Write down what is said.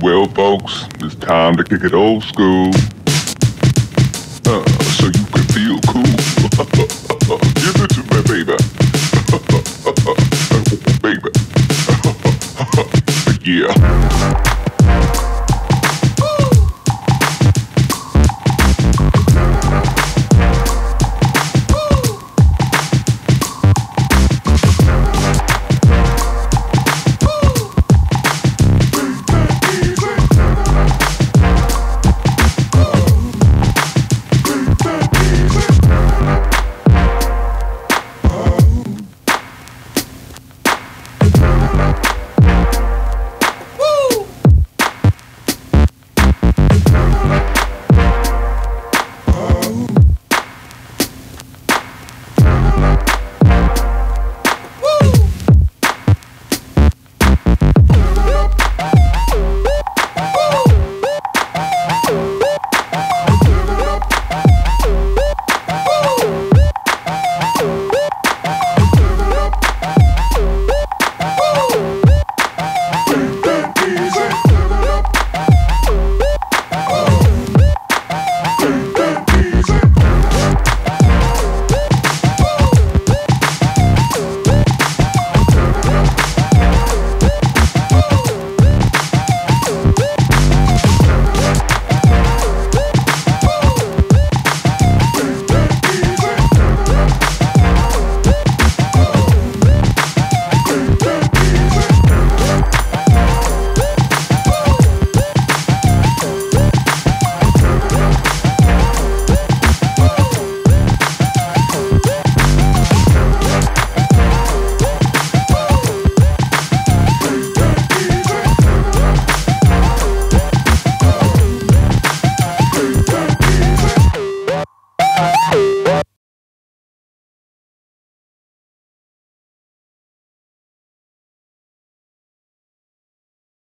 Well, folks, it's time to kick it old school. Uh, so you can feel cool. Give it to me, baby. Uh, baby. yeah.